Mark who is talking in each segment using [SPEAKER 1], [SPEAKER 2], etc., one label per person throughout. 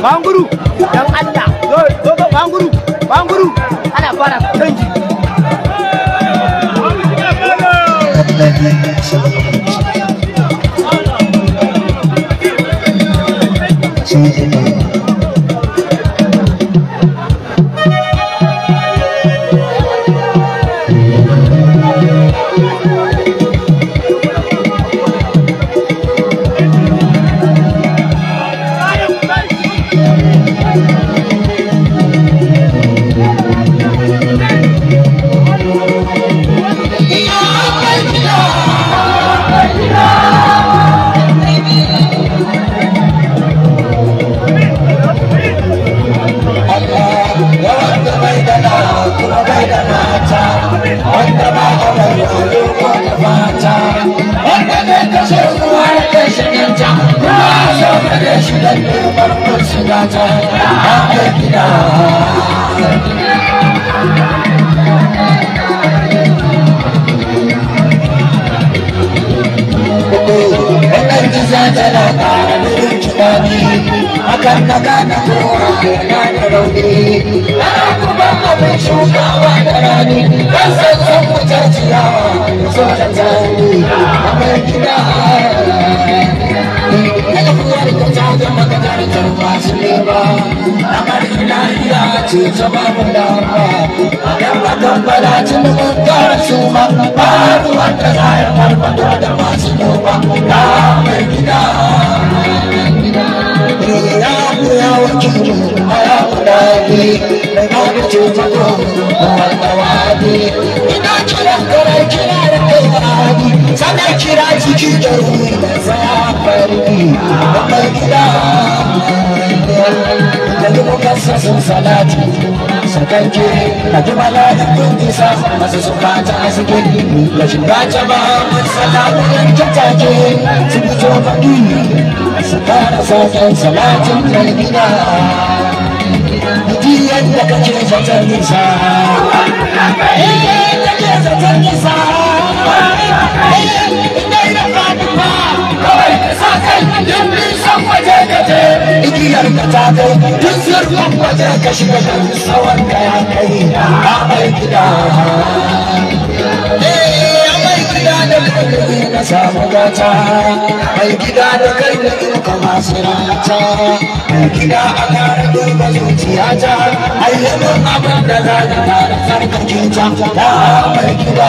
[SPEAKER 1] Banguru dan Allah zo zo banguru banguru ana fara canji Thank you. kan na gane na rauni na kuma da rani ban san san wutar ciyawa so a mai gida Kada kuwa da ta zama ba, a da masu noma, na mai gida. rafi ya buya wa cikin haya kurafi mai ina kira kira ciki da da zafarki babbar salati sakanke ka ji mala'ikun nisa masu suka ta suke ba shiga ta ba salamu yan tattake sun fito faɗi su fara sakan salatin kalbina Ji yadda kake zaton nisa Yadda kake zaton nisa Inda da faɗi ba Kawai ka sa kan yin nisa tafiyar ka ta kai duk zurfin waje ka shiga da tsawon ka ya kai na amai gida mai gida da kai na samu gata mai gida da kai da ka masu rata mai gida a kare duba zuciya ta ayyamin abin da za na da sarkakin ta da mai gida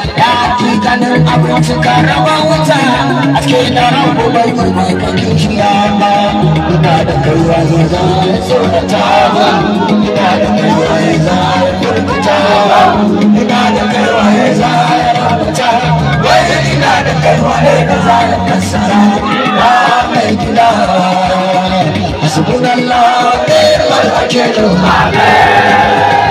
[SPEAKER 1] tsakanin abokin karama wata ake da rabu bai kuma shi ina da kaiwa ya za tsorata ba ina da kaiwa za ba ina da kaiwa za rabuta ina da kaiwa ne za kasara ba mai gida hasbunallah ni'mal wakil amin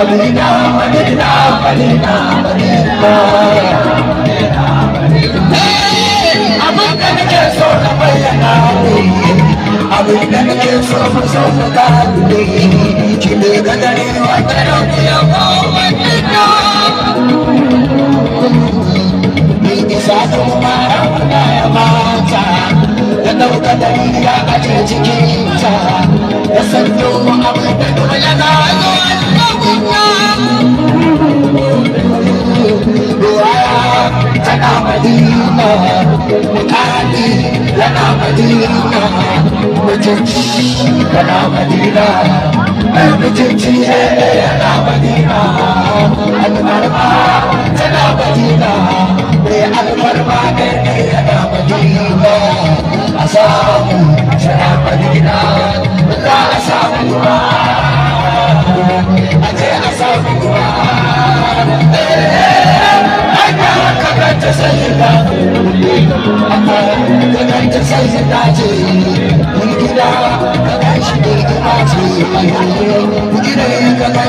[SPEAKER 1] Madina, Madina, Madina, Madina. Abin da nake so na bayyana ne, abin da nake so na so na gane ne, ki ne ga gare wata ɗauki ya ba wata da. Ni isa da kuma rauna ya mata. kadari ya aje cikin ya sanyo mu abin da dole na zo alƙawunta tana madina mutane yana madina mutunci yana madina mai mutunci eh, yana madina albarka tana madina mai alfarma gane a samu shara madina za a samu ba a ce a ka ce ka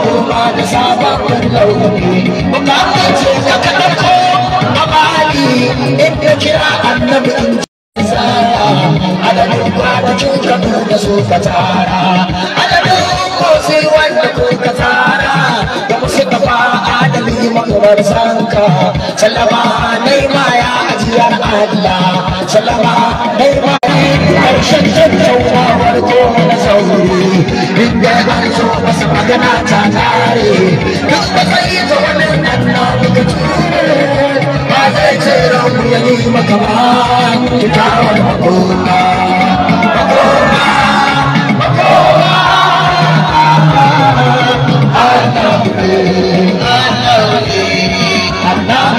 [SPEAKER 1] koma da sababin launi bukata ce da ka ɗauko a bali in ka kira annabi in ji tsara adadin kwanakin ka da so ka tara adadin ko sai wanda ko ka tara yi makurar sanka sallama nai ma ya ajiyar Allah sallama nai ma karshen tattaunawa farko na sauri inda an so masu magana ta tare duk da sai ta wani nan na muka ba zai ce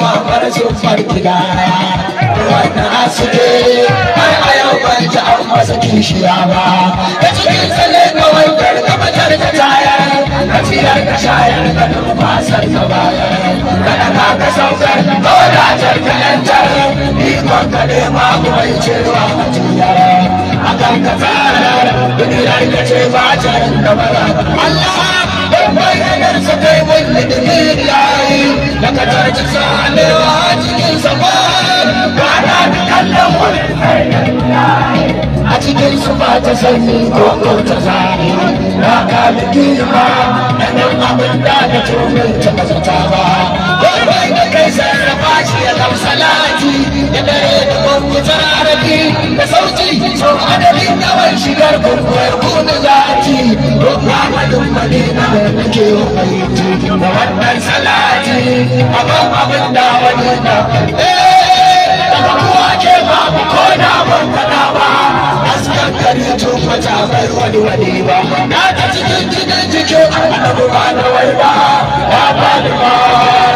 [SPEAKER 1] mamar zumbar gidaya wannan asiri har a yau ban ji an masa kishiya ba da cikin tsalle kawai gargaba tarka tayar ka ciyar ka shayar ka numfasar ka bayar kada ka ka saukar kawai da jarka yantar ikon ka ne ma kuma yi cewa a tiyar akan ka tsarar duniyar ka ce fatar da bara Allah ban bayyanar sa kai wani da ne yayi daga tashi salewa cikin safa gana da kallon wani a cikin su ba ta sanyi ko ta zane na kami kima na nan abin da tumin ta kasa ta ba kai sarrafa shi ya zama salati ya dare da bambutar arabi da sauti sau adadin yawan shigar bambuwar kuna zati don mamadin madina da ke yi da wannan salati a ban abin da wani na daga kuwa ke babu ko na ban fada ba askan kare tun mata bai wani wani ba na ta cikin gidan jikin annabi ba na wai ba ba ba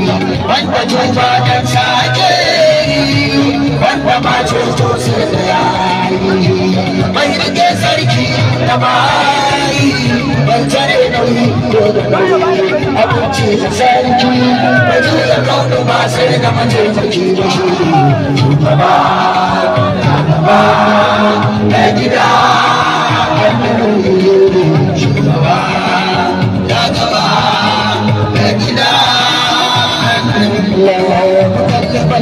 [SPEAKER 1] wanda tuba dan sa ake wanda ba cuto sai da yayi mai rike sarki da bai ban tare nauyi ko da nauyi abinci da sarki ba ji da ba sai da mace jiki da shi baba na gida wanda nauyi shugaba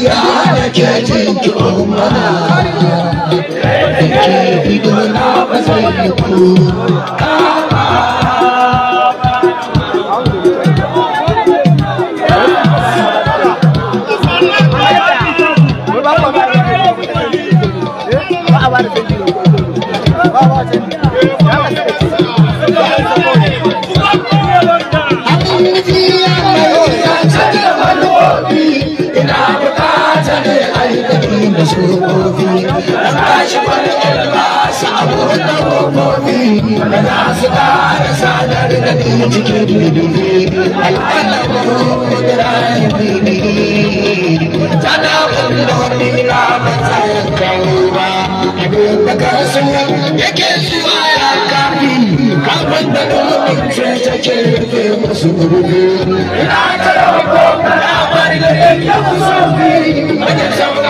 [SPEAKER 1] zuciya da da ke na ba zai yi masokofi da bashi wani ilbasa abokan kokofi da za su kara sadar da ke cike dubi al'adar kuma da rayu bibi tana wanda wani na matsayin kawo ba abin da kasuwa yake zuwa ya kafi kafin da domin cuta ke rufe masu rubu ina ta rawa ko kana bari da yake musu fi wajen sauka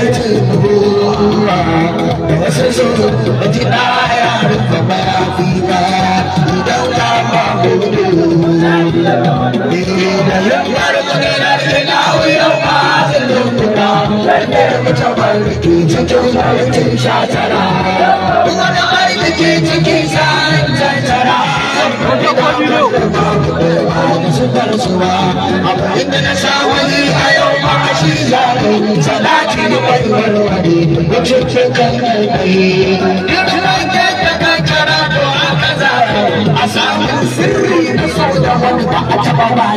[SPEAKER 1] aikin ruwa da wasu sun ji ya mutu barki cikin barkin shatara wani arziki salati za ka yi salati da mai warware da cututtukan karkare duk ranar da ka a sirri na sau da wani a taba ba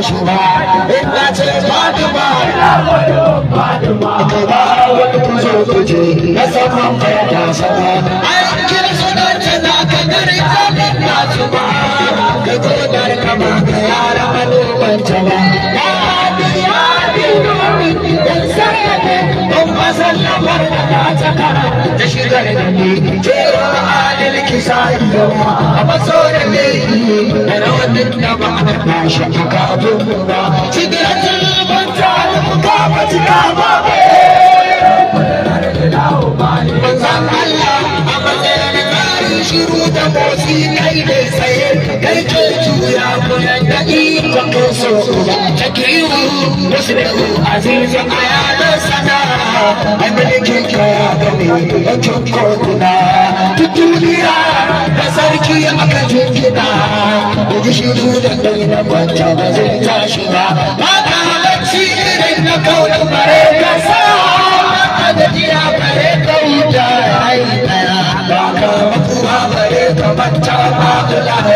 [SPEAKER 1] ba ce fatima ina fatima ka ba wani saman ka ba ba da shigar da ne cewa halin kisa a maso da ne da rawanin da ba na shi ka abubuwa cikin ban ta ka ba shiru da motsi kai ne tsaye kai ke juya kuna da ikon so ta kiwu wasu da ku azizu a yanar sana a mulkin kaya da ne yankin koguna ta duniya da sarki aka jirgina da ji shiru da ɗaya na kwanta ba zai tashi ba ba ta halarci irin na kawo da bare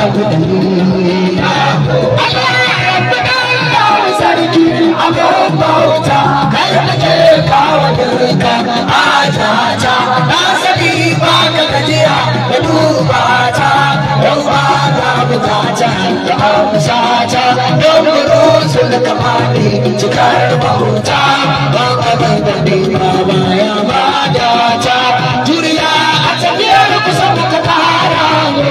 [SPEAKER 1] amsata don buru su da kusa ne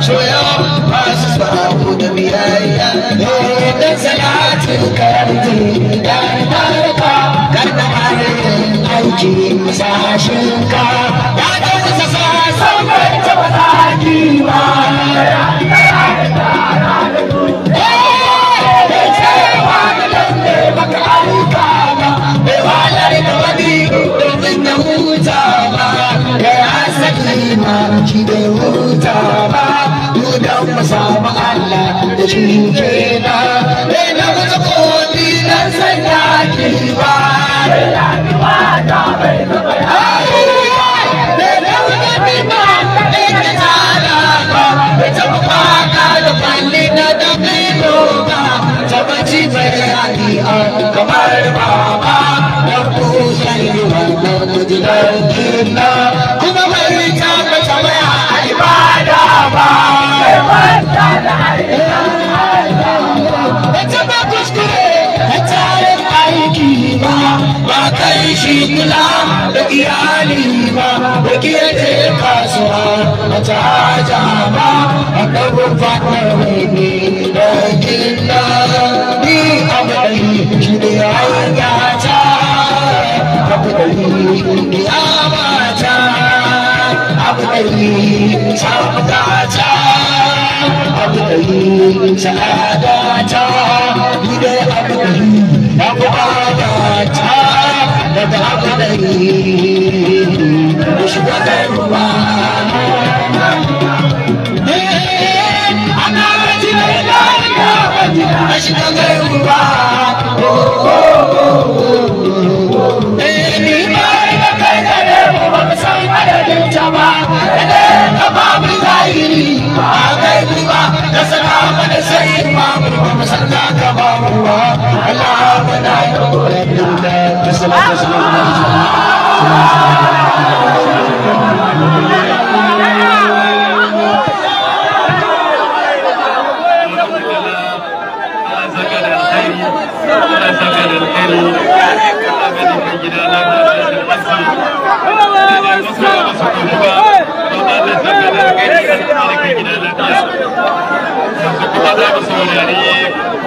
[SPEAKER 1] soya masu samu da biyayya da salatin karanti da tarka karna halin ya ɗauka sassa san bai cuce na na wuce komi na sanya na ya da ta ba da kwalli na da mai ta baci mai a kamar da Akai shigila da iyali ba da ke kasuwa a caca ba a ɗago fatar mai da gina ni a mai shi da ya gata abu da yi ya mata abu da yi ta gata abu da yi ta gata ni da abu da yi abu shiga garin ba Da sana'a da sayin mamu ba masallaka الله على Yeah.